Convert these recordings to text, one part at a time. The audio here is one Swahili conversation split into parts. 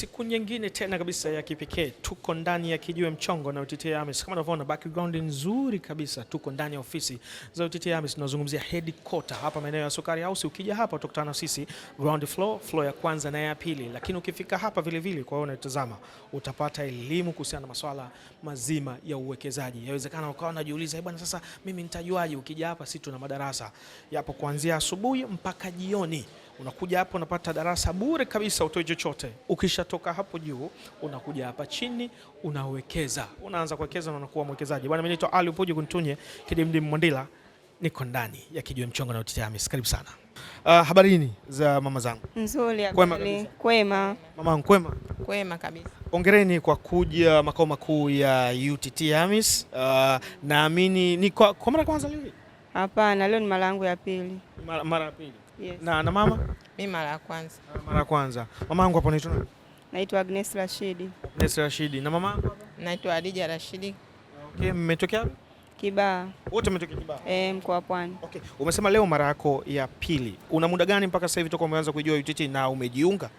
siku nyingine tena kabisa ya kipekee, tuko ndani ya kijiwe mchongo na UTT AMIS. Kama unavyoona background nzuri kabisa, tuko ndani ya ofisi za UTT AMIS, tunazungumzia headquarter hapa maeneo ya Sukari House. Ukija hapa utakutana na sisi ground floor, floor ya kwanza na ya pili, lakini ukifika hapa vilevile, kwa unatazama, utapata elimu kuhusiana na masuala mazima ya uwekezaji. Yawezekana ukawa unajiuliza eh bwana, sasa mimi nitajuaje? Ukija hapa, si tuna madarasa yapo kuanzia asubuhi mpaka jioni. Unakuja hapa unapata darasa bure kabisa, utoe chochote. Ukishatoka hapo juu, unakuja hapa chini, unawekeza, unaanza kuwekeza na unakuwa mwekezaji. Bwana, mimi naitwa Ali Upoje Kuntunye Kidimdim Mwandila, niko ndani ya Kijiwe Mchongo na UTT AMIS. Karibu sana. Uh, ah, habarini za mama zangu? Nzuri, kwema kabisa. Kwema mama, kwema kwema kabisa. Ongereni kwa kuja makao makuu ya UTT AMIS. Uh, ah, naamini ni kwa, kwa mara kwanza leo? Hapana, leo ni mara yangu ya pili. Mara ya pili Yes. Na, na mama? Mimi mara ya kwanza. Mara ya kwanza. Mama yangu hapo anaitwa Naitwa Agnes Rashidi. Agnes Rashidi. Na mama yangu hapo? Naitwa Adija Rashidi. Okay, mmetokea wapi? Kibaha. Wote mmetokea Kibaha? Eh, mkoa wa Pwani. Okay. Umesema leo mara yako ya pili. Una muda gani mpaka sasa hivi toka umeanza kujua UTT na umejiunga?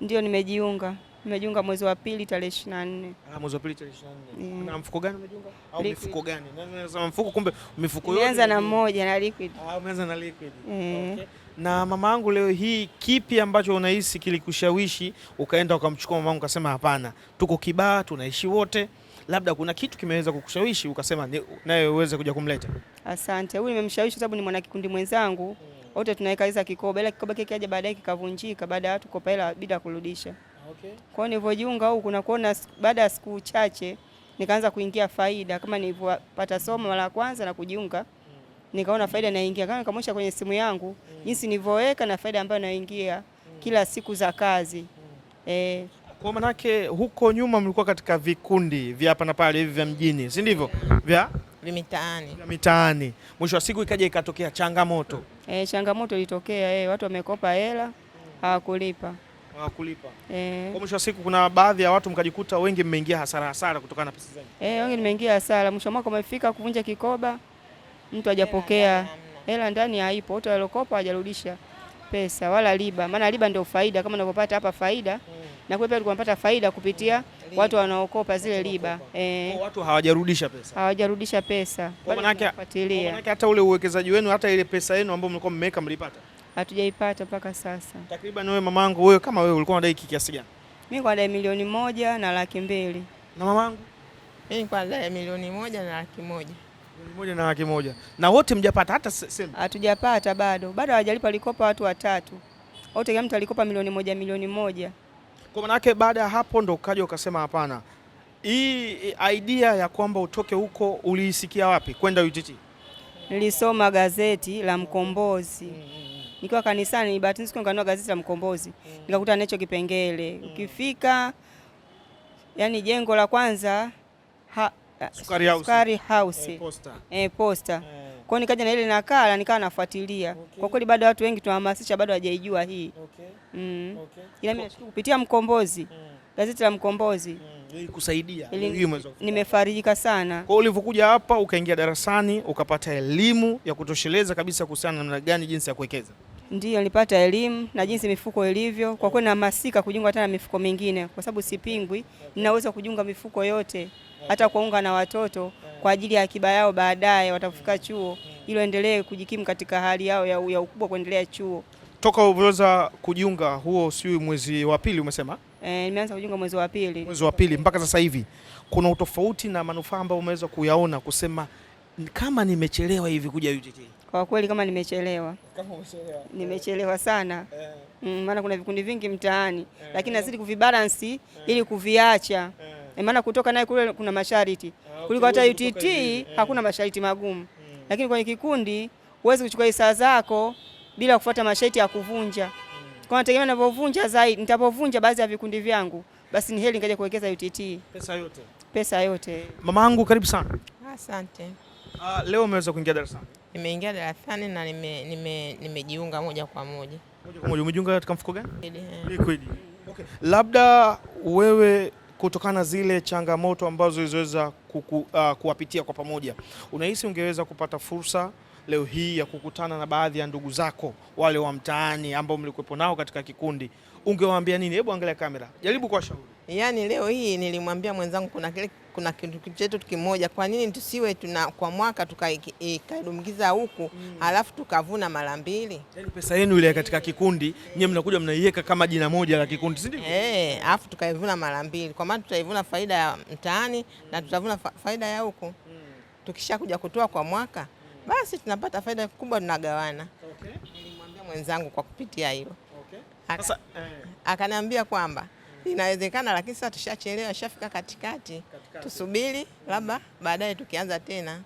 Ndio, nimejiunga. Nimejiunga mwezi wa pili tarehe 24. Ah, mwezi wa pili tarehe 24. Yeah. Na mfuko gani umejiunga? Au liquid. mifuko gani? Nani anasema mfuko kumbe mifuko yote. Umeanza na moja na liquid. Ah, umeanza na liquid. Yeah. Okay. Na mama yangu leo hii, kipi ambacho unahisi kilikushawishi ukaenda ukamchukua mama yangu ukasema hapana, tuko kibaa tunaishi wote? Labda kuna kitu kimeweza kukushawishi ukasema naye uweze kuja kumleta. Asante, huyu nimemshawishi sababu ni mwanakikundi mwenzangu wote tunaweka hizo kikoba, ila kikoba kile kija baadaye kikavunjika baada ya watu kopa hela bila kurudisha. Okay. Kwa nilivyojiunga huku na kuona baada ya siku chache nikaanza kuingia faida kama nilivyopata somo mara ya kwanza na kujiunga nikaona faida naingia, kama nikamwonyesha kwenye simu yangu jinsi nilivyoweka na faida ambayo naingia kila siku za kazi hmm. eh. Kwa manake huko nyuma mlikuwa katika vikundi vya hapa na pale hivi vya mjini, si ndivyo? Vya mitaani, vya mitaani. Mwisho wa siku ikaja ikatokea changamoto eh, changamoto ilitokea eh, watu wamekopa hela hawakulipa hawakulipa. Eh. Kwa mwisho wa siku kuna baadhi ya watu mkajikuta wengi mmeingia hasara hasara kutokana na pesa zenu. Eh, wengi nimeingia hasara. Mwisho wa mwaka umefika kuvunja kikoba mtu hajapokea hela ndani, haipo, watu waliokopa hajarudisha pesa wala riba, maana riba ndio faida kama unavyopata hapa faida mm. na kule pia tulikuwa tunapata faida kupitia Liba. watu wanaokopa zile riba eh, watu hawajarudisha pesa, hawajarudisha pesa. Maana yake hata ule uwekezaji wenu hata ile pesa yenu ambayo mlikuwa mmeweka mlipata? Hatujaipata mpaka sasa. Takriban wewe mamangu, wewe kama wewe ulikuwa unadai kiasi gani? Mimi kwa dai milioni moja na laki mbili na mamangu mimi kwa dai milioni moja na laki moja moja na laki moja na wote mjapata hata senti? Hatujapata bado, bado hawajalipa. Walikopa watu watatu, wote kila mtu alikopa milioni moja milioni moja. Kwa maana yake baada ya hapo ndo ukaja ukasema hapana. Hii idea ya kwamba utoke huko uliisikia wapi kwenda UTT? Nilisoma gazeti la Mkombozi mm, mm, mm. nikiwa kanisani, bahati nzuri nikanua gazeti la Mkombozi nikakuta nacho kipengele ukifika, yani jengo la kwanza ha, Sukari House, Sukari House. Eh, posta, eh, posta. Eh. Kwa nikaja na ile nakala nikawa nafuatilia okay. Kwa kweli bado watu wengi tunahamasisha, bado hawajaijua hii okay. Mm. Okay. Ila mimi nashukuru kupitia Mkombozi mm. Gazeti la Mkombozi mm. Kusaidia. Nimefarijika sana. Kwa ulivyokuja hapa ukaingia darasani ukapata elimu ya kutosheleza kabisa kuhusiana na namna gani jinsi ya kuwekeza? Ndiyo, nilipata elimu na jinsi mifuko ilivyo. Kwa kweli nahamasika kujiunga hata na mifuko mingine, kwa sababu sipingwi, ninaweza kujiunga mifuko yote hata kuwaunga na watoto kwa ajili ya akiba yao baadaye watafika chuo, ili waendelee kujikimu katika hali yao ya, ya ukubwa kuendelea chuo. Toka uliweza kujiunga huo, sijui mwezi wa pili umesema? E, nimeanza kujiunga mwezi wa pili, mwezi wa pili mpaka sasa hivi, kuna utofauti na manufaa ambayo umeweza kuyaona kusema kama nimechelewa hivi kuja UTT? Kwa kweli kama nimechelewa, kama umechelewa, nimechelewa sana eh. Mm, maana kuna vikundi vingi mtaani eh, lakini nazidi kuvibalansi eh, ili kuviacha eh. Eh, maana kutoka naye kule kuna masharti ah, kuliko hata UTT eh. Hakuna masharti magumu hmm. Lakini kwenye kikundi huwezi kuchukua hisa zako bila kufuata masharti ya kuvunja hmm. Kwa nategemea ninapovunja zaidi, nitapovunja baadhi ya vikundi vyangu, basi ni heri nikaje kuwekeza UTT pesa yote, pesa yote. yangu karibu sana, asante. Uh, leo umeweza kuingia darasani? Nimeingia darasani na nimejiunga nime, nime moja kwa moja. Moja kwa moja umejiunga katika mfuko gani? Eh. Liquid. Okay. Labda wewe kutokana na zile changamoto ambazo zilizoweza uh, kuwapitia kwa pamoja, unahisi ungeweza kupata fursa leo hii ya kukutana na baadhi ya ndugu zako wale wa mtaani ambao mlikuwepo nao katika kikundi, ungewaambia nini? Hebu angalia kamera, jaribu kuwashauri. Yaani leo hii nilimwambia mwenzangu kuna kile kuna kitu chetu kimoja, kwa nini tusiwe tuna kwa mwaka tukaidumgiza huku mm. alafu tukavuna mara mbili? yani pesa yenu ile katika kikundi nyewe mnakuja mnaiweka kama jina moja la kikundi, si ndio? Eh, alafu tukaivuna mara mbili, kwa maana tutaivuna faida ya mtaani na tutavuna faida ya huku mm. tukishakuja kutoa kwa mwaka basi tunapata faida kubwa, tunagawana. Okay. Nilimwambia mwenzangu kwa kupitia hilo. Okay. Sasa eh, akaniambia kwamba Inawezekana, lakini sasa tushachelewa, shafika katikati, katikati. Tusubiri labda baadaye tukianza tena hmm.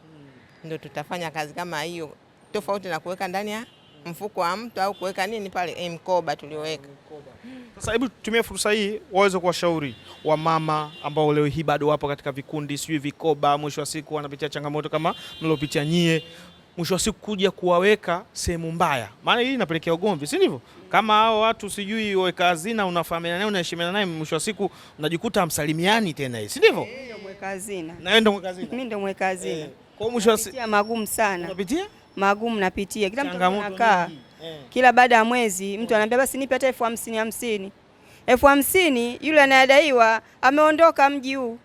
Ndio tutafanya kazi kama hiyo, tofauti na kuweka ndani ya mfuko wa mtu au kuweka nini pale eh, mkoba tulioweka. Sasa hebu tumia fursa hii waweze kuwashauri wamama ambao leo hii bado wapo katika vikundi sijui vikoba, mwisho wa siku wanapitia changamoto kama mliopitia nyie, mwisho wa siku kuja kuwaweka sehemu mbaya, maana hii inapelekea ugomvi, si ndivyo? Kama hao watu sijui waweka hazina, unafahamiana naye, unaheshimiana naye, mwisho wa siku unajikuta hamsalimiani tena, hii si ndivyo? Eh, magumu sana unapitia magumu, napitia kila mtu anakaa, eh. kila baada ya mwezi mtu anaambia basi nipe hata elfu hamsini hamsini elfu hamsini yule anayedaiwa ameondoka mji huu,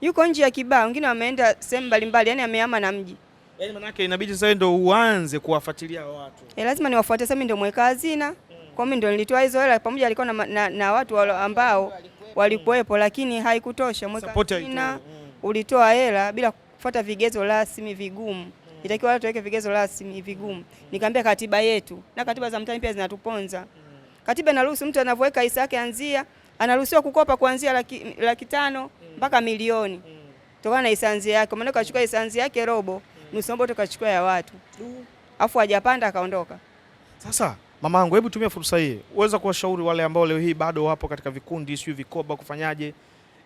yuko nje ya kibao, wengine wameenda sehemu mbalimbali, yani ameama na mji Yaani manake inabidi sasa ndio uanze kuwafuatilia watu. Eh, lazima niwafuate sasa, mimi ndio mweka hazina mm. Kwa mimi ndio nilitoa hizo hela pamoja, alikuwa na, na, na watu ambao walikuwepo mm. Lakini haikutosha mweka hazina mm. Ulitoa hela bila kufuata vigezo rasmi vigumu mm. Itakiwa watu waweke vigezo rasmi vigumu. Nikamwambia katiba yetu na katiba za mtaani pia zinatuponza mm. Katiba inaruhusu mtu anavyoweka hisa yake anzia anaruhusiwa kukopa kuanzia laki, laki tano mpaka milioni mm. Tokana na hisa anzia yake, maana kachukua hisa anzia yake robo Msombote kachukua ya watu afu hajapanda akaondoka. Sasa mama yangu, hebu tumia fursa hii uweza kuwashauri wale ambao leo hii bado wapo katika vikundi, sio vikoba, kufanyaje?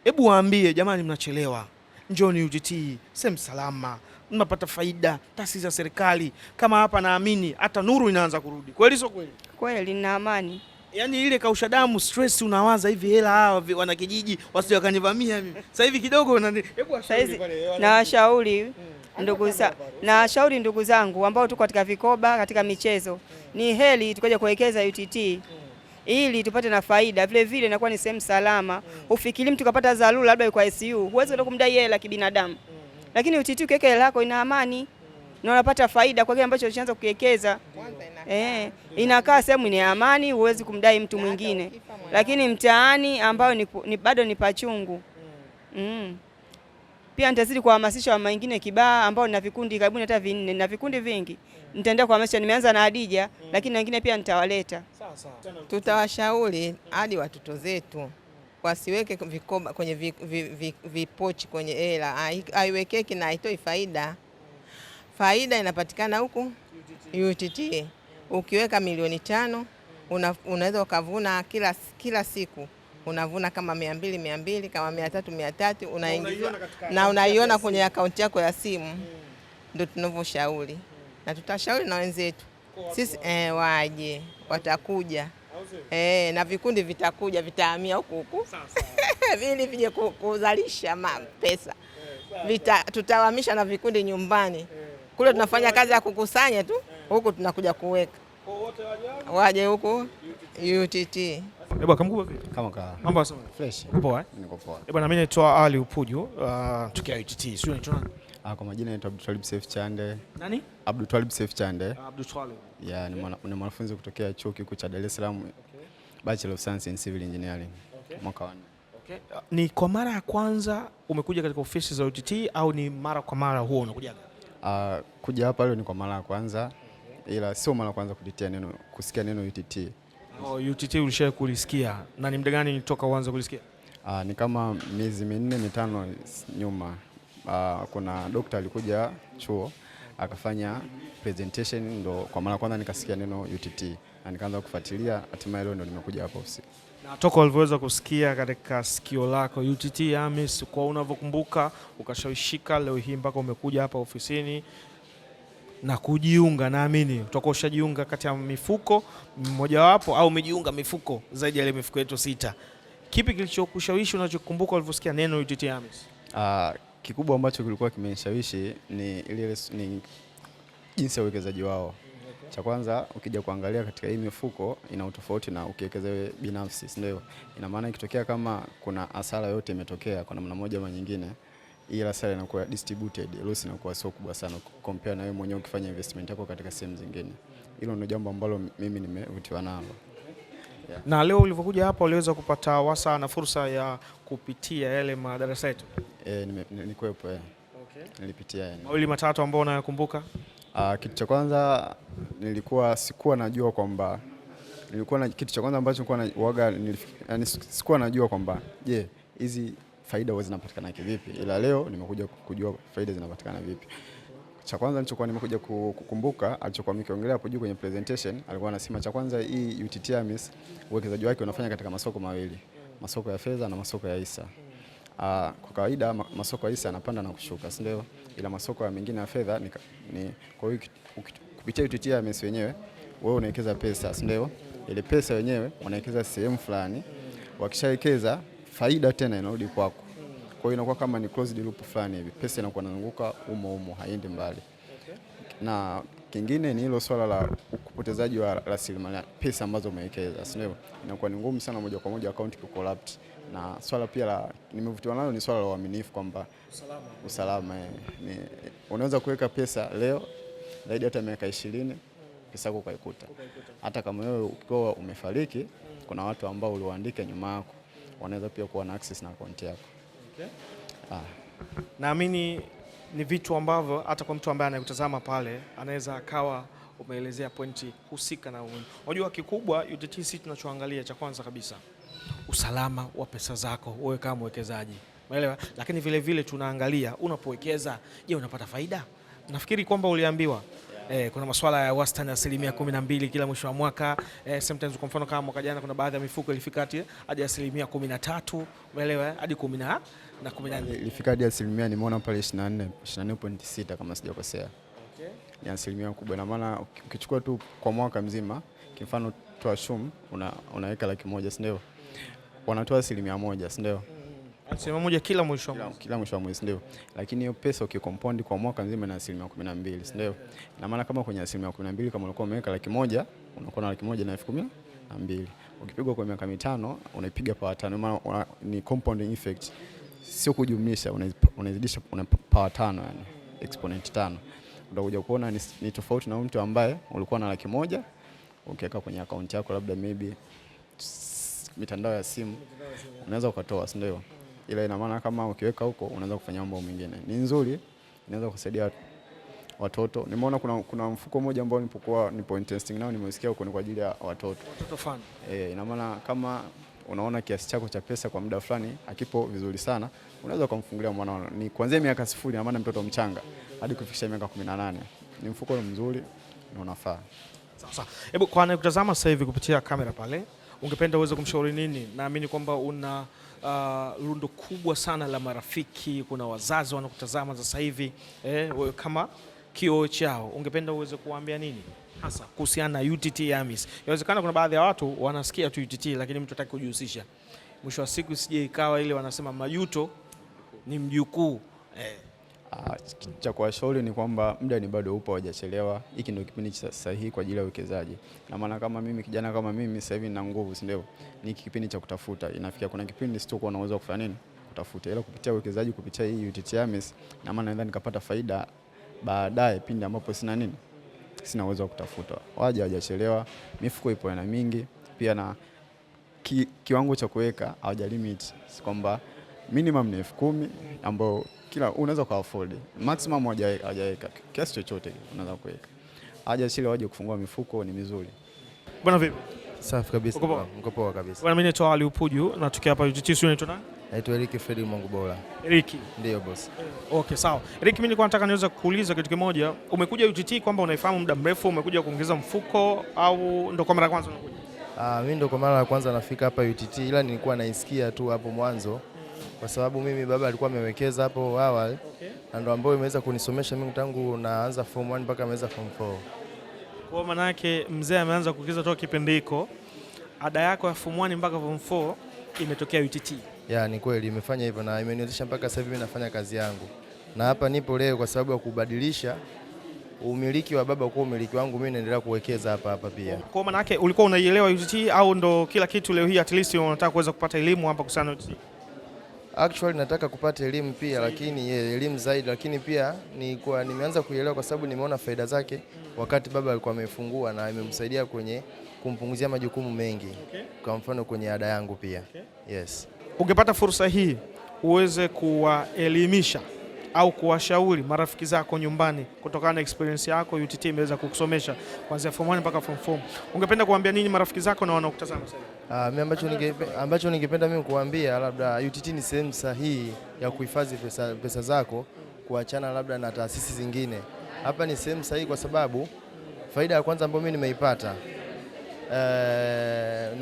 Hebu waambie jamani, mnachelewa, njoni UGT sehemu salama, mnapata faida, taasisi za serikali kama hapa. Naamini hata nuru inaanza kurudi, kweli sio kweli? Kweli na amani Yaani ile kausha damu stress, unawaza hivi, hela hawa wanakijiji wasije wakanivamia mimi. Sasa hivi kidogo, hebu washauri pale, na washauri ndugu za, na shauri ndugu zangu ambao tuko katika vikoba katika michezo ni heli tukaja kuwekeza UTT ili tupate na faida vile vile, inakuwa ni sehemu salama. Ufikiri mtu kapata dharura labda yuko ICU, huwezi kwenda kumdai hela kibinadamu, lakini UTT ukiweka hela yako ina amani na unapata faida kwa kile ambacho ulianza kuwekeza. Eh, inakaa sehemu ni amani, huwezi kumdai mtu mwingine, lakini mtaani ambayo ni, ni, bado ni pachungu mm. mm. Pia nitazidi kuhamasisha mama wengine kibaa ambao na vikundi karibu hata vinne na vikundi vingi. Nitaendelea kuhamasisha, nimeanza na Hadija mm. lakini wengine pia nitawaleta. Tutawashauri hadi watoto zetu wasiweke vikoba kwenye vipochi kwenye hela, aiwekeki na haitoi faida. Faida inapatikana huku UTT. Mm. Ukiweka milioni tano unaweza ukavuna kila, kila siku unavuna kama mia mbili mia mbili kama mia tatu mia tatu unaingiza na unaiona kwenye akaunti yako ya simu. Hmm. Ndio tunavyoshauri hmm. na tutashauri na wenzetu sisi eh, waje watakuja eh, na vikundi vitakuja vitahamia huku huku vili vije kuzalisha mapesa eh. eh, vita, tutawamisha na vikundi nyumbani eh. kule, tunafanya kazi ya kukusanya tu, huku tunakuja kuweka waje huku UTT. Eba, bwana Kamgumba vipi? Kama kawa. Mambo sawa. Fresh. Uko poa eh? Niko poa. Eba, na mimi naitwa Ali Upuju, uh, tukia UTT. Sio naitwa nani? Ah, kwa majina naitwa Abdul Twalib Saif Chande. Nani? Abdul Twalib Saif Chande. Uh, Abdul Twalib. Yeah, Ni mwana, ni mwanafunzi kutokea Chuo Kikuu cha Dar es Salaam. Okay. Bachelor of Science in Civil Engineering. Okay. Mwaka wa Okay. Uh, ni kwa mara ya kwanza umekuja katika ofisi za UTT au ni mara kwa mara huwa unakuja? Uh, ah, kuja hapa leo ni kwa mara ya kwanza. Okay. Ila sio mara ya kwanza kutitia neno kusikia neno UTT Okay. Oh, UTT ulishawahi kulisikia na ni muda gani toka uanze kulisikia? Aa, ah, ni kama miezi minne mitano nyuma. Aa, ah, kuna dokta alikuja chuo akafanya presentation ndo kwa mara kwanza nikasikia neno UTT na nikaanza kufuatilia, hatimaye leo ndo nimekuja hapa ofisi. Na toka ulivyoweza kusikia katika sikio lako UTT AMIS, kwa unavyokumbuka ukashawishika leo hii mpaka umekuja hapa ofisini na kujiunga, naamini utakuwa ushajiunga kati ya mifuko mmojawapo au umejiunga mifuko zaidi ya ile mifuko yetu sita. Kipi kilichokushawishi unachokumbuka ulivyosikia neno UTT AMIS? Uh, ah, kikubwa ambacho kilikuwa kimenishawishi ni ile ni jinsi ya uwekezaji wao. Cha kwanza ukija kuangalia katika hii mifuko ina utofauti na ukiwekeza wewe binafsi, si ndio? Ina maana ikitokea kama kuna hasara yote imetokea kwa namna moja ama nyingine hii hasara inakuwa distributed, loss inakuwa sio kubwa sana compare na wewe mwenyewe ukifanya investment yako katika sehemu zingine. Hilo ndio jambo ambalo mimi nimevutiwa nalo. Yeah. Na leo ulivyokuja hapa uliweza kupata wasaa na fursa ya kupitia yale madarasa yetu? Eh, nilikuwepo. Okay. Nilipitia yani. Mawili matatu ambayo unayakumbuka? Ah, kitu cha kwanza nilikuwa sikuwa najua kwamba nilikuwa na kitu cha kwanza ambacho nilikuwa na waga, nilif, yani, sikuwa najua kwamba je, yeah, hizi faida huwa zinapatikana kivipi, ila leo nimekuja kujua faida zinapatikana vipi. Cha kwanza nilichokuwa nimekuja kukumbuka alichokuwa mkiongelea hapo juu kwenye presentation, alikuwa anasema cha kwanza, hii UTT AMIS uwekezaji wake unafanya katika masoko mawili, masoko ya fedha na masoko ya hisa. Aa, ah, kwa kawaida masoko ya hisa yanapanda na kushuka, si ndio? Ila masoko ya mengine ya fedha ni, ni kwa hiyo kupitia UTT AMIS wenyewe wewe unawekeza pesa, si ndio? Ile pesa wenyewe unawekeza sehemu fulani, wakishawekeza faida tena inarudi kwako. Kwa hiyo inakuwa kama ni closed loop fulani hivi, pesa inakuwa inazunguka umo umo, haiendi mbali. Na kingine ni hilo swala la upotezaji wa rasilimali pesa ambazo umewekeza, si ndio? Inakuwa ni ngumu sana moja kwa moja account collapse. Na swala pia la nimevutiwa nalo ni swala la uaminifu kwamba usalama, usalama eh, ni unaweza kuweka pesa leo zaidi hata miaka ishirini pesa yako ukaikuta, hata kama wewe ukiwa umefariki, hmm. kuna watu ambao uliwaandika nyuma yako wanaweza pia kuwa na access na account yako. Okay. Ah. Naamini ni vitu ambavyo hata kwa mtu ambaye anakutazama pale anaweza akawa umeelezea pointi husika na umuhimu. Unajua kikubwa UTT tunachoangalia cha kwanza kabisa usalama wa pesa zako wewe kama mwekezaji. Umeelewa? Lakini vile vile tunaangalia unapowekeza, je, unapata faida? Nafikiri kwamba uliambiwa eh, kuna masuala ya wastani asilimia kumi na mbili kila mwisho wa mwaka eh, sometimes kwa mfano kama mwaka jana kuna baadhi ya mifuko ilifika hadi asilimia kumi na tatu umeelewa, eh? hadi kumi na kumi na nne ilifika hadi asilimia nimeona pale pointi sita kama sijakosea, okay. Ni asilimia kubwa, ina maana ukichukua tu kwa mwaka mzima, kimfano tuashum unaweka una laki moja, sindio? Wanatoa asilimia moja, sindio mm. Asilimia moja kila mwisho wa kila mwisho wa mwezi ndio. Lakini hiyo pesa ukicompound kwa mwaka mzima na asilimia kumi na mbili ndio. Na maana kama kwenye asilimia kumi na mbili kama ulikuwa umeweka laki moja unakuwa na laki moja na elfu kumi na mbili ukipigwa kwa miaka mitano unaipiga power tano, maana ni compound effect, sio kujumlisha, unazidisha una power tano, yani exponent tano. Utakuja kuona ni, ni tofauti na mtu ambaye ulikuwa na laki moja ukiweka kwenye akaunti yako labda maybe mitandao ya simu unaweza ukatoa, si ndio? ila ina maana kama ukiweka huko unaweza kufanya mambo mengine. Ni nzuri, inaweza kusaidia watoto. Nimeona kuna, kuna mfuko mmoja ambao nilipokuwa nipo interesting nao nimesikia huko ni kwa ajili ya watoto. Watoto fund. Eh, ina maana kama unaona kiasi chako cha pesa kwa muda fulani akipo vizuri sana, unaweza ukamfungulia mwana ni kuanzia miaka sifuri, na maana mtoto mchanga hadi kufikisha miaka 18. Ni mfuko mzuri na unafaa. Sasa hebu kwa anayekutazama sasa hivi kupitia kamera pale, ungependa uweze kumshauri nini? Naamini kwamba una uh, lundo kubwa sana la marafiki, kuna wazazi wanakutazama sasa hivi eh, kama kioo chao, ungependa uweze kuwaambia nini hasa kuhusiana na UTT AMIS? Inawezekana kuna baadhi ya watu wanasikia tu UTT lakini mtu hataki kujihusisha, mwisho wa siku sije ikawa ile wanasema majuto ni mjukuu eh cha kuwashauri ni kwamba muda ni bado upo, hawajachelewa. Hiki ndio kipindi sahihi kwa ajili ya uwekezaji, na maana kama mimi kijana kama mimi sasa hivi nina nguvu, si ndio? Ni hiki kipindi cha kutafuta. Inafikia kuna kipindi sitakuwa na uwezo kufanya nini, kutafuta, ila kupitia uwekezaji, kupitia hii UTT AMIS, na maana naweza nikapata faida baadaye pindi ambapo sina nini, sina uwezo wa kutafuta. Waje, hawajachelewa, mifuko ipo na mingi pia, na ki, kiwango cha kuweka hawajalimit, limit kwamba minimum ni elfu kumi ambayo kila unaweza kwa afford, maximum hajaweka kiasi chochote unaweza kuweka haja sile, waje kufungua mifuko ni mizuri bwana. Vipi? Safi kabisa, mko poa kabisa bwana. Mimi naitwa Ali Upuju na tukia hapa UTT Sio Unaitwa nani? Naitwa Eric Fredi Mungu Bora. Eriki, ndio boss. Eh, okay, sawa Eric, mimi nilikuwa nataka niweza kukuuliza kitu kimoja. Umekuja UTT kwamba unaifahamu muda mrefu, umekuja kuongeza mfuko au ndo kwa mara ya kwanza unakuja? Ah, mimi ndo kwa mara ya kwanza nafika hapa UTT, ila nilikuwa naisikia tu hapo mwanzo kwa sababu mimi baba alikuwa amewekeza hapo awali okay. ndo ambayo imeweza kunisomesha mimi tangu naanza form 1 mpaka ameweza form 4. Kwa maana yake mzee ameanza kukiza toka kipindi hiko. Ada yako ya form 1 mpaka form 4 imetokea UTT. Ya, ni kweli imefanya hivyo na imeniwezesha mpaka sasa hivi nafanya kazi yangu na hapa nipo leo kwa sababu ya kubadilisha umiliki wa baba kwa umiliki wangu, mimi naendelea kuwekeza hapa hapa pia. Kwa maana yake ulikuwa unaielewa UTT au ndo kila kitu leo hii, at least unataka kuweza kupata elimu hapa kusana UTT? Actually nataka kupata elimu pia lakini eh, elimu zaidi, lakini pia ni kwa nimeanza kuielewa kwa sababu nimeona faida zake wakati baba alikuwa amefungua na imemsaidia kwenye kumpunguzia majukumu mengi, kwa mfano kwenye ada yangu pia. Yes. Ungepata fursa hii uweze kuwaelimisha au kuwashauri marafiki zako nyumbani kutokana na experience yako UTT imeweza kukusomesha kuanzia form 1 mpaka form 4. Ungependa kuambia nini marafiki zako na wanaokutazama sasa? Uh, ah, mimi ambacho ningependa ambacho ningependa mimi kuambia labda UTT ni sehemu sahihi ya kuhifadhi pesa, pesa zako kuachana labda na taasisi zingine. Hapa ni sehemu sahihi kwa sababu faida ya kwanza ambayo mimi nimeipata uh,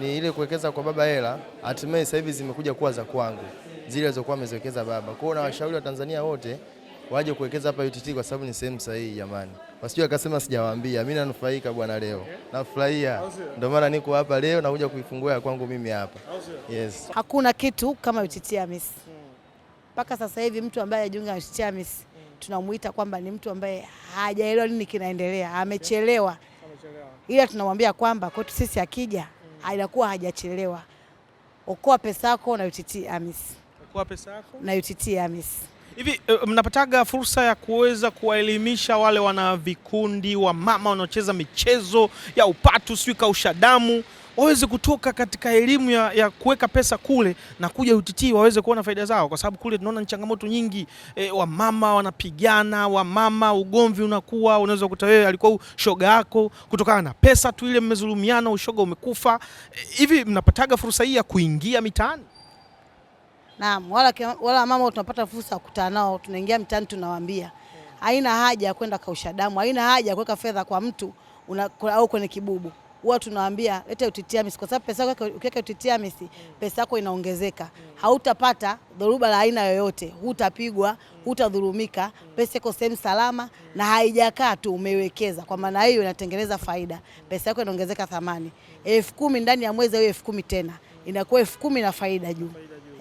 ni ile kuwekeza kwa baba hela, hatimaye sasa hivi zimekuja kuwa za kwangu zile alizokuwa ameziwekeza baba. Kwa hiyo na washauri wa Tanzania wote waje kuwekeza hapa UTT kwa sababu ni sehemu sahihi jamani. Wasije akasema sijawaambia. Mimi nanufaika bwana leo. Nafurahia. Ndio maana niko hapa leo na kuja kuifungua ya kwangu mimi hapa. Yes. Hakuna kitu kama UTT AMIS. Mpaka sasa hivi mtu ambaye hajiunga na UTT AMIS tunamuita kwamba ni mtu ambaye hajaelewa nini kinaendelea, amechelewa. Ila tunamwambia kwamba kwetu sisi akija anakuwa hajachelewa. Okoa pesa yako na UTT AMIS kwa pesa yako na UTT AMIS. Hivi uh, mnapataga fursa ya kuweza kuwaelimisha wale wana vikundi wa mama wanaocheza michezo ya upatu sijui kausha damu waweze kutoka katika elimu ya, ya kuweka pesa kule na kuja UTT waweze kuona faida zao, kwa sababu kule tunaona ni changamoto nyingi e, eh, wamama wanapigana, wamama ugomvi unakuwa, unaweza kukuta wewe alikuwa ushoga yako kutokana na pesa tu ile mmezulumiana, ushoga umekufa. Eh, hivi e, mnapataga fursa hii ya kuingia mitaani? Naam, wala, wala mama tunapata fursa ya kukutana nao, tunaingia mtaani tunawaambia haina haja ya kwenda kausha damu, haina haja ya kuweka fedha kwa mtu una, au kwenye kibubu. Huwa tunawaambia leta UTTMS kwa sababu pesa yako ukiweka UTTMS pesa yako inaongezeka, hautapata dhoruba la aina yoyote, hutapigwa, hutadhulumika. Pesa yako sehemu salama na haijakaa tu, umewekeza. Kwa maana hiyo inatengeneza faida, pesa yako inaongezeka thamani. elfu kumi ndani ya mwezi au elfu kumi tena inakuwa elfu kumi na faida juu.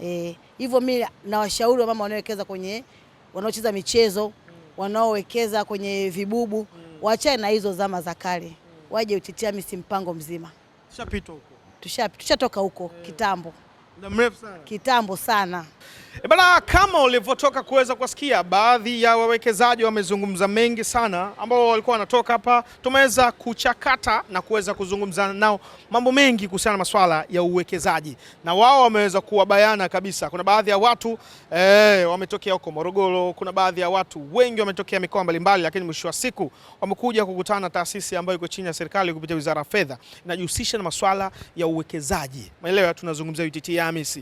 Eh, hivyo e, mi nawashauri wamama wanaowekeza kwenye wanaocheza michezo wanaowekeza kwenye vibubu mm. Waachane na hizo zama za kale mm. Waje UTT-AMIS mpango mzima tushapita huko, tushatoka huko eh. Kitambo mrefu sana, kitambo sana. E bana, kama ulivyotoka kuweza kuwasikia, baadhi ya wawekezaji wamezungumza mengi sana ambao walikuwa wanatoka hapa. Tumeweza kuchakata na kuweza kuzungumza nao mambo mengi kuhusiana na masuala ya uwekezaji, na wao wameweza kuwa bayana kabisa. Kuna baadhi ya watu eh, wametokea huko Morogoro, kuna baadhi ya watu wengi wametokea mikoa mbalimbali, lakini mwisho wa siku wamekuja kukutana na taasisi ambayo iko chini ya serikali kupitia Wizara ya Fedha, inajihusisha na masuala ya uwekezaji. Maelewa tunazungumzia UTT AMIS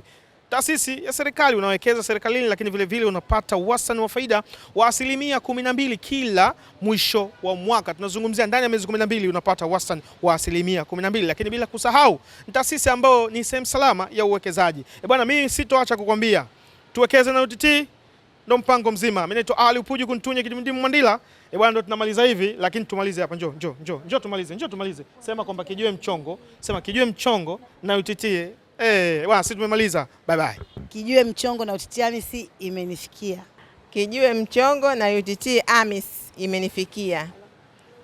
taasisi ya serikali unawekeza serikalini, lakini vile vile unapata wastani wa faida wa asilimia kumi na mbili kila mwisho wa mwaka. Tunazungumzia ndani ya miezi kumi na mbili unapata wastani wa asilimia kumi na mbili lakini bila kusahau taasisi ambayo ni sehemu salama ya uwekezaji. E bwana, mimi sitoacha kukwambia tuwekeze na UTT ndo mpango mzima. Mimi naitwa Ali Upuji kuntunye kidimdimu Mwandila. E bwana, ndo tunamaliza hivi, lakini tumalize hapa. Njoo, njoo, njoo, njoo tumalize, njoo tumalize. Sema kwamba kijue Mchongo, sema kijue Mchongo na UTT Eh, bwana sisi tumemaliza. Bye bye. Kijue mchongo na UTT AMIS imenifikia. Kijue mchongo na UTT AMIS imenifikia.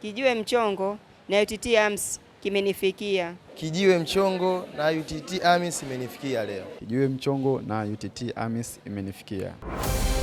Kijue mchongo na UTT AMIS kimenifikia. Kijiwe mchongo na UTT AMIS imenifikia leo. Kijiwe mchongo na UTT AMIS imenifikia.